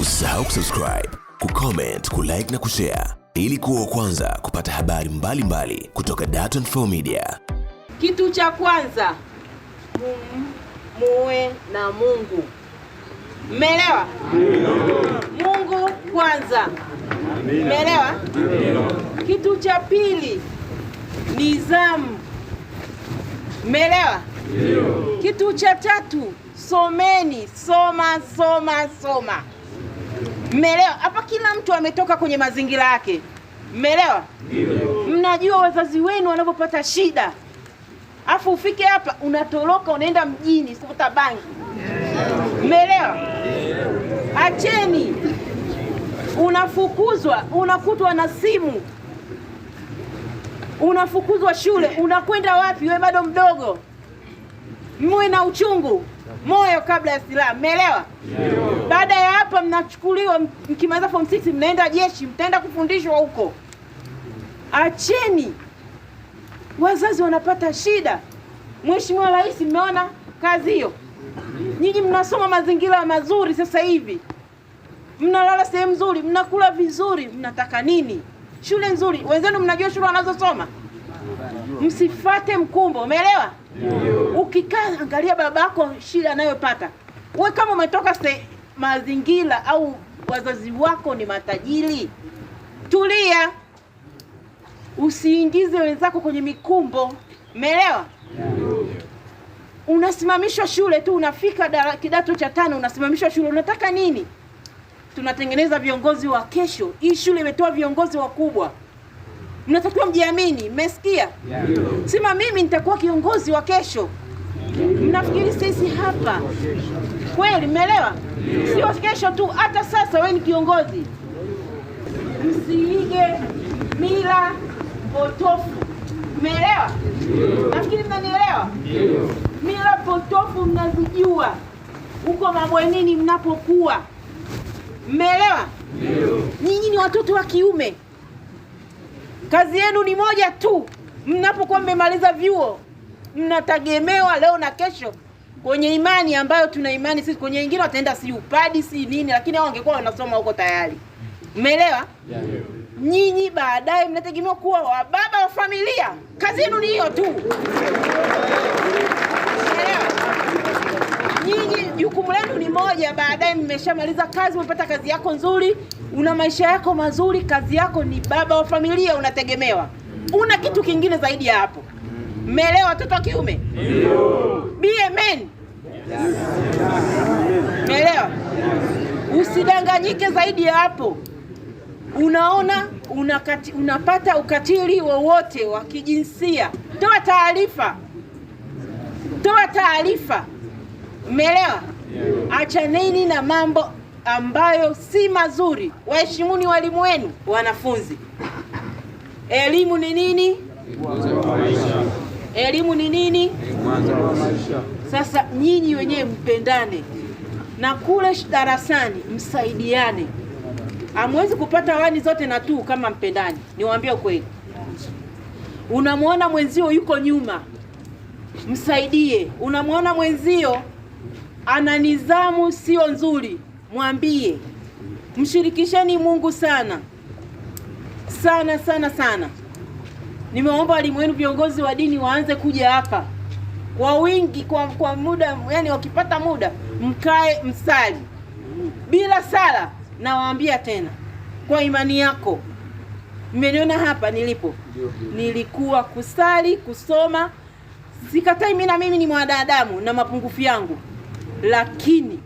Usisahau kusubscribe, kucomment, kulike na kushare ili kuwa wa kwanza kupata habari mbalimbali mbali kutoka Dar24 Media. Kitu cha kwanza muwe na Mungu, mmeelewa? Mungu kwanza, mmeelewa? Kitu cha pili nidhamu, mmeelewa? Kitu cha tatu someni, soma soma soma Mmeelewa? Hapa kila mtu ametoka kwenye mazingira yake, mmeelewa? Mnajua wazazi wenu wanavyopata shida, afu ufike hapa unatoroka unaenda mjini kuvuta bangi, mmeelewa? Acheni, unafukuzwa, unakutwa na simu, unafukuzwa shule, unakwenda wapi? Wewe bado mdogo mwe na uchungu moyo kabla ya silaha, mmeelewa? Baada ya hapa mnachukuliwa, mkimaliza form 6 mnaenda jeshi, mtaenda kufundishwa huko. Acheni, wazazi wanapata shida. Mheshimiwa Rais, mmeona kazi hiyo. Nyinyi mnasoma mazingira mazuri sasa hivi, mnalala sehemu nzuri, mnakula vizuri, mnataka nini? Shule nzuri, wenzenu mnajua shule wanazosoma Msifate mkumbo, umeelewa? Ukikaa angalia babako shida anayopata wewe, kama umetoka se mazingira au wazazi wako ni matajiri, tulia, usiingize wenzako kwenye mikumbo, umeelewa? Unasimamishwa shule tu, unafika kidato cha tano unasimamishwa shule. Unataka nini? Tunatengeneza viongozi wa kesho. Hii shule imetoa viongozi wakubwa mnatakiwa mjiamini. Mmesikia? Sema mimi nitakuwa kiongozi wa kesho. Mnafikiri sisi hapa kweli? Mmeelewa? Sio kesho tu, hata sasa wewe ni kiongozi. Msiige mila potofu. Mmeelewa? Nafikiri mnanielewa. Mila potofu mnazijua huko mabwenini mnapokuwa. Mmeelewa? Nyinyi ni watoto wa kiume Kazi yenu ni moja tu, mnapokuwa mmemaliza vyuo mnategemewa leo na kesho kwenye imani ambayo tuna imani sisi. Kwenye wengine wataenda si upadi si nini, lakini hao wangekuwa wanasoma huko tayari. Umeelewa? yeah. Nyinyi baadaye mnategemewa kuwa wababa wa familia. Kazi yenu ni hiyo tu. Nyinyi jukumu lenu ni moja. Baadaye mmeshamaliza kazi, umepata kazi yako nzuri, una maisha yako mazuri, kazi yako ni baba wa familia, unategemewa, una kitu kingine zaidi ya hapo. Mmeelewa watoto wa kiume? Amen. Mmeelewa? Usidanganyike zaidi ya hapo. Unaona unakati, unapata ukatili wowote wa kijinsia, toa taarifa, toa taarifa. Umeelewa? Achaneni na mambo ambayo si mazuri, waheshimuni walimu wenu. Wanafunzi, elimu ni nini? Elimu ni nini? Sasa nyinyi wenyewe mpendane na kule darasani msaidiane. Hamwezi kupata wani zote na tu kama mpendani. Niwaambie kweli unamwona mwenzio yuko nyuma, msaidie. Unamwona mwenzio ana nidhamu sio nzuri, mwambie. Mshirikisheni Mungu sana sana sana sana. Nimeomba walimu wenu viongozi wa dini waanze kuja hapa kwa wingi, kwa kwa muda, yani wakipata muda mkae msali bila sala. Nawaambia tena kwa imani yako, mmeniona hapa nilipo, nilikuwa kusali kusoma, sikatai. Mimi na mimi ni mwanadamu na mapungufu yangu lakini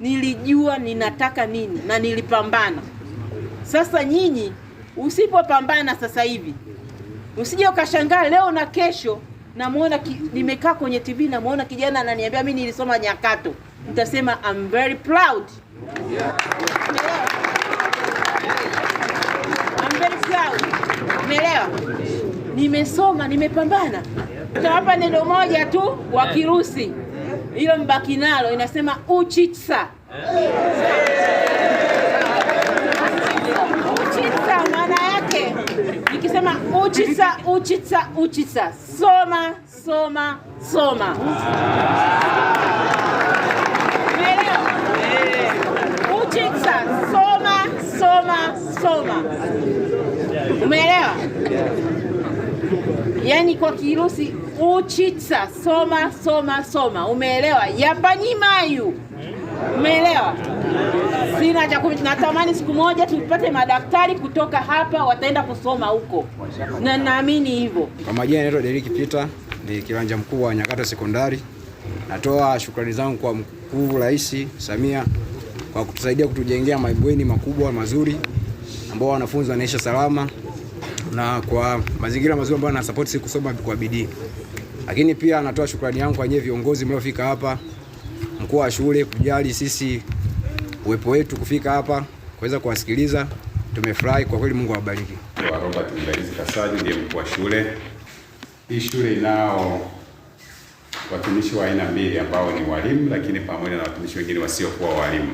nilijua ninataka nini na nilipambana. Sasa nyinyi usipopambana sasa hivi, usije ukashangaa leo na kesho namwona nimekaa kwenye TV namwona kijana ananiambia mimi nilisoma Nyakato, nitasema I'm very proud. I'm very proud. Umeelewa? Nimesoma, nimepambana. Tutawapa neno moja tu wa Kirusi hilo mbaki nalo, inasema uchitsa uchitsa, maana yake nikisema uchitsa uchitsa uchitsa, soma soma soma Uchitsa, soma soma soma, umeelewa? yani kwa Kirusi uchitsa soma soma soma, umeelewa? Yapanyimayu, umeelewa? Sina cha kumi. Natamani siku moja tupate madaktari kutoka hapa, wataenda kusoma huko, na naamini hivyo. Kwa majina naitwa Deriki Peter, ni kiwanja mkuu wa Nyakato Sekondari. Natoa shukrani zangu kwa mkuu Rais Samia kwa kutusaidia kutujengea mabweni makubwa mazuri ambao wanafunzi wanaisha salama na kwa mazingira mazuri ambayo anasupport si kusoma kwa bidii. Lakini pia anatoa shukrani yangu kwa nyie viongozi mliofika hapa, mkuu wa shule kujali sisi uwepo wetu kufika hapa kuweza kuwasikiliza. Tumefurahi kwa kweli, Mungu awabariki. Kwa Robert Mgalizi Kasaji ndiye mkuu wa shule hii. Shule inao watumishi wa aina mbili ambao ni walimu, lakini pamoja na watumishi wengine wasiokuwa walimu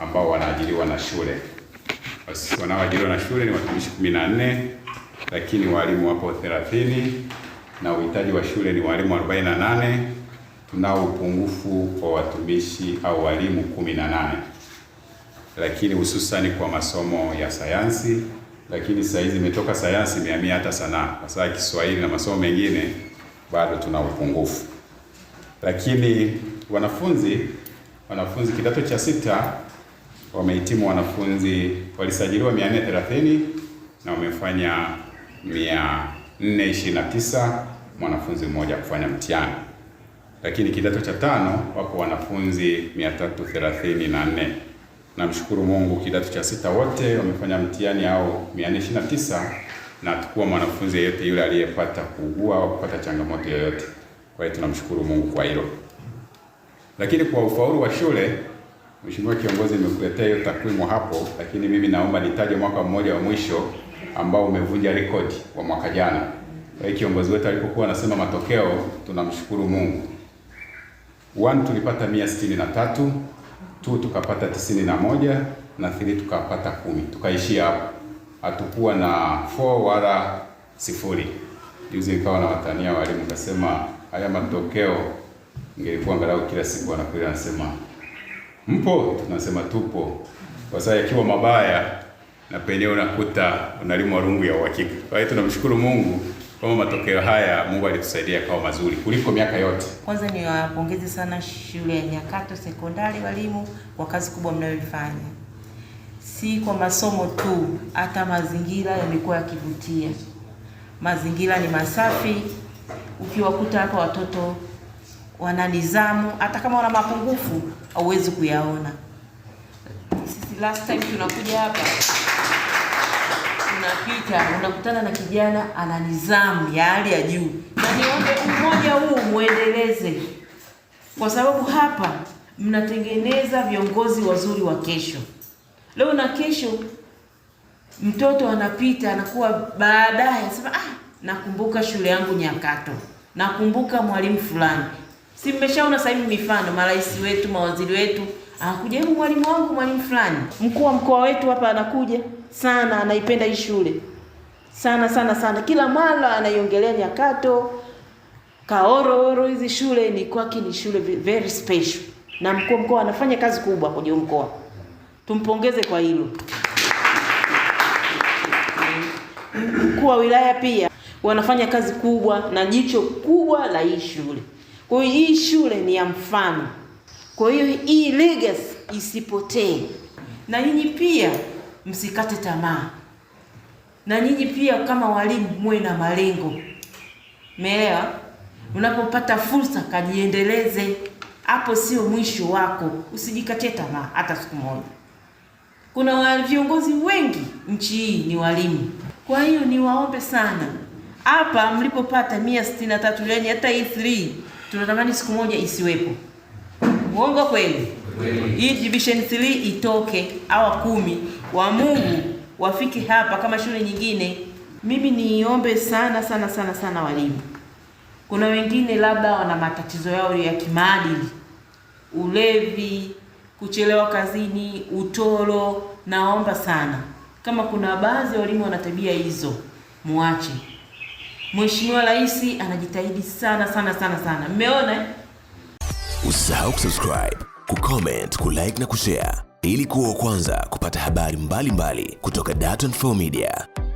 ambao wanaajiriwa na shule wanaoajiriwa na shule ni watumishi 14 lakini walimu wapo 30 na uhitaji wa shule ni walimu 48. Tunao upungufu wa watumishi au walimu 18 lakini hususani kwa masomo ya sayansi, lakini sasa hizi imetoka sayansi imehamia hata sanaa, kwa sababu Kiswahili na masomo mengine bado tuna upungufu. Lakini wanafunzi wanafunzi kidato cha sita wamehitimu wanafunzi walisajiliwa 430 na wamefanya 429 mwanafunzi mmoja kufanya mtihani. Lakini kidato cha tano wako wanafunzi 334. Namshukuru Mungu, kidato cha sita wote wamefanya mtihani au 429 na tukua mwanafunzi yeyote yule aliyepata kuugua au kupata changamoto yoyote. Kwa hiyo tunamshukuru Mungu kwa hilo. Lakini kwa ufaulu wa shule Mheshimiwa kiongozi, nimekuletea hiyo takwimu hapo, lakini mimi naomba nitaje mwaka mmoja wa mwisho ambao umevunja rekodi wa mwaka jana. Kwa hiyo kiongozi wetu alipokuwa anasema matokeo, tunamshukuru Mungu. One tulipata 163, two tukapata 91 na three tukapata kumi, tukaishia hapo. Hatukuwa na four wala sifuri. Juzi nikawa na watania walimu, kasema haya matokeo, ingelikuwa angalau kila siku anakuja anasema Mpo? Tunasema tupo. Kwa sababu yakiwa mabaya na penyewe unakuta unalimwa rungu ya uhakika. Kwa hiyo tunamshukuru Mungu kwamba matokeo haya Mungu alitusaidia kawa mazuri kuliko miaka yote. Kwanza ni wapongeze sana shule ya Nyakato Sekondari, walimu kwa kazi kubwa mnayoifanya, si kwa masomo tu, hata mazingira yamekuwa yakivutia. Mazingira ni masafi, ukiwakuta hapa watoto wana nidhamu, hata kama wana mapungufu hauwezi kuyaona. Sisi last time tunakuja hapa tunapita, unakutana na kijana ana nidhamu ya hali ya juu, na niombe umoja huu muendeleze, kwa sababu hapa mnatengeneza viongozi wazuri wa kesho. Leo na kesho mtoto anapita anakuwa baadaye anasema, ah, nakumbuka shule yangu Nyakato, nakumbuka mwalimu fulani. Si mmeshaona sasa hivi mifano, marais wetu, mawaziri wetu, anakuja hebu mwalimu wangu, mwalimu fulani, mkuu wa mkoa wetu hapa anakuja sana, anaipenda hii shule sana sana sana, kila mara anaiongelea Nyakato, Kaorooro, hizi shule ni kwake, ni shule very special, na mkuu mkoa anafanya kazi kubwa kwenye mkoa, tumpongeze kwa hilo. Mkuu wa wilaya pia wanafanya kazi kubwa na jicho kubwa la hii shule. Kwa hiyo hii shule ni ya mfano, kwa hiyo hii legacy isipotee, na nyinyi pia msikate tamaa, na nyinyi pia kama walimu muwe na malengo. Umeelewa? Unapopata fursa kajiendeleze, hapo sio mwisho wako, usijikatie tamaa hata siku moja. Kuna viongozi wengi nchi hii ni walimu, kwa hiyo niwaombe sana hapa mlipopata mia sitini na tatu yani hata hii tunatamani siku moja isiwepo. Uongo kweli? Hii division 3 itoke, awa kumi wa Mungu wafike hapa kama shule nyingine. Mimi niombe sana sana sana sana walimu, kuna wengine labda wana matatizo yao ya kimaadili, ulevi, kuchelewa kazini, utoro. Naomba sana, kama kuna baadhi ya walimu wana tabia hizo, muache. Mheshimiwa Rais anajitahidi sana sana sana sana, mmeona. Eh? Usisahau kusubscribe, kucomment, kulike na kushare ili kuwa wa kwanza kupata habari mbalimbali mbali kutoka Dar24 Media.